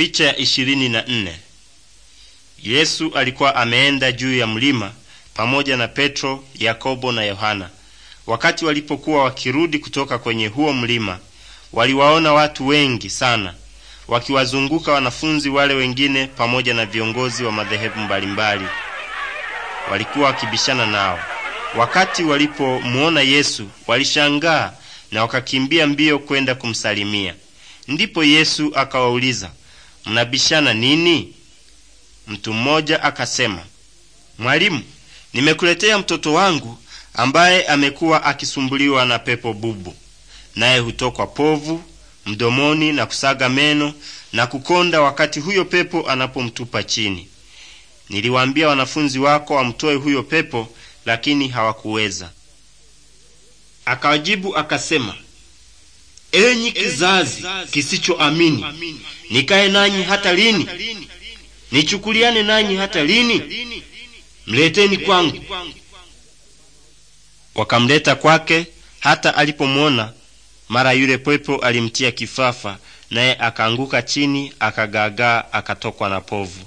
Picha ya ishirini na nne. Yesu alikuwa ameenda juu ya mlima pamoja na Petro, Yakobo na Yohana. Wakati walipokuwa wakirudi kutoka kwenye huo mlima, waliwaona watu wengi sana wakiwazunguka wanafunzi wale wengine pamoja na viongozi wa madhehebu mbalimbali. Walikuwa wakibishana nao. Wakati walipomuona Yesu, walishangaa na wakakimbia mbio kwenda kumsalimia. Ndipo Yesu akawauliza, mnabishana nini? Mtu mmoja akasema, Mwalimu, nimekuletea mtoto wangu ambaye amekuwa akisumbuliwa na pepo bubu, naye hutokwa povu mdomoni na kusaga meno na kukonda wakati huyo pepo anapomtupa chini. Niliwaambia wanafunzi wako wamtoe huyo pepo, lakini hawakuweza. Akawajibu akasema enyi kizazi kisichoamini, nikae nanyi hata lini? Nichukuliane nanyi hata lini? Mleteni kwangu. Wakamleta kwake. Hata alipomwona, mara yule pepo alimtia kifafa, naye akaanguka chini, akagaagaa, akatokwa na povu.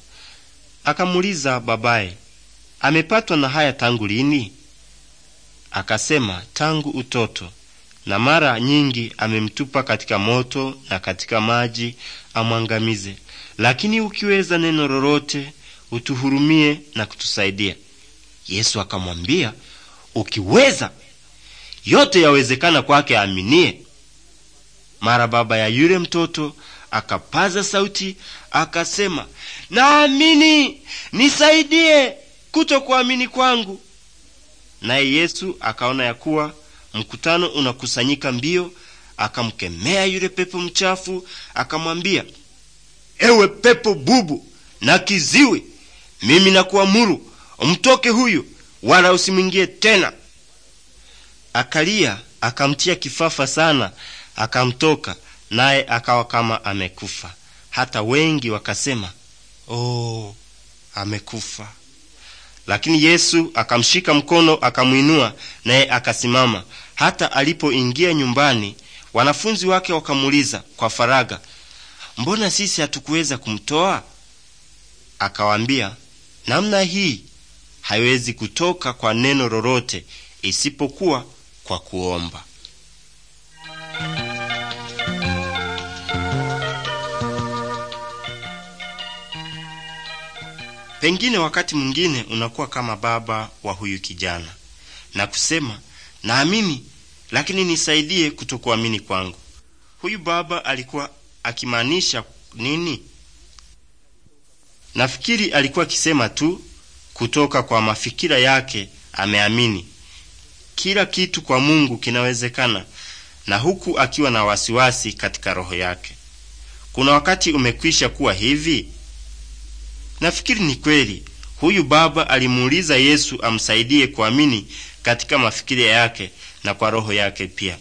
Akamuuliza babaye, amepatwa na haya tangu lini? Akasema, tangu utoto na mara nyingi amemtupa katika moto na katika maji amwangamize. Lakini ukiweza neno lolote, utuhurumie na kutusaidia. Yesu akamwambia, ukiweza, yote yawezekana kwake aaminie. Mara baba ya yule mtoto akapaza sauti akasema, naamini, nisaidie kutokuamini kwangu. Naye Yesu akaona ya kuwa Mkutano unakusanyika mbio, akamkemea yule pepo mchafu, akamwambia, ewe pepo bubu na kiziwi, mimi nakuamuru umtoke huyu, wala usimwingie tena. Akalia, akamtia kifafa sana, akamtoka naye akawa kama amekufa. Hata wengi wakasema, oh, amekufa. Lakini Yesu akamshika mkono, akamwinua naye akasimama. Hata alipoingia nyumbani, wanafunzi wake wakamuuliza kwa faraga, mbona sisi hatukuweza kumtoa? Akawaambia, namna hii haiwezi kutoka kwa neno lolote isipokuwa kwa kuomba. Pengine wakati mwingine unakuwa kama baba wa huyu kijana na kusema naamini, lakini nisaidie kutokuamini kwangu. Huyu baba alikuwa akimaanisha nini? Nafikiri alikuwa akisema tu kutoka kwa mafikira yake ameamini kila kitu kwa Mungu kinawezekana, na huku akiwa na wasiwasi katika roho yake. Kuna wakati umekwisha kuwa hivi? Nafikiri ni kweli. Huyu baba alimuuliza Yesu amsaidie kuamini katika mafikiri yake na kwa roho yake pia.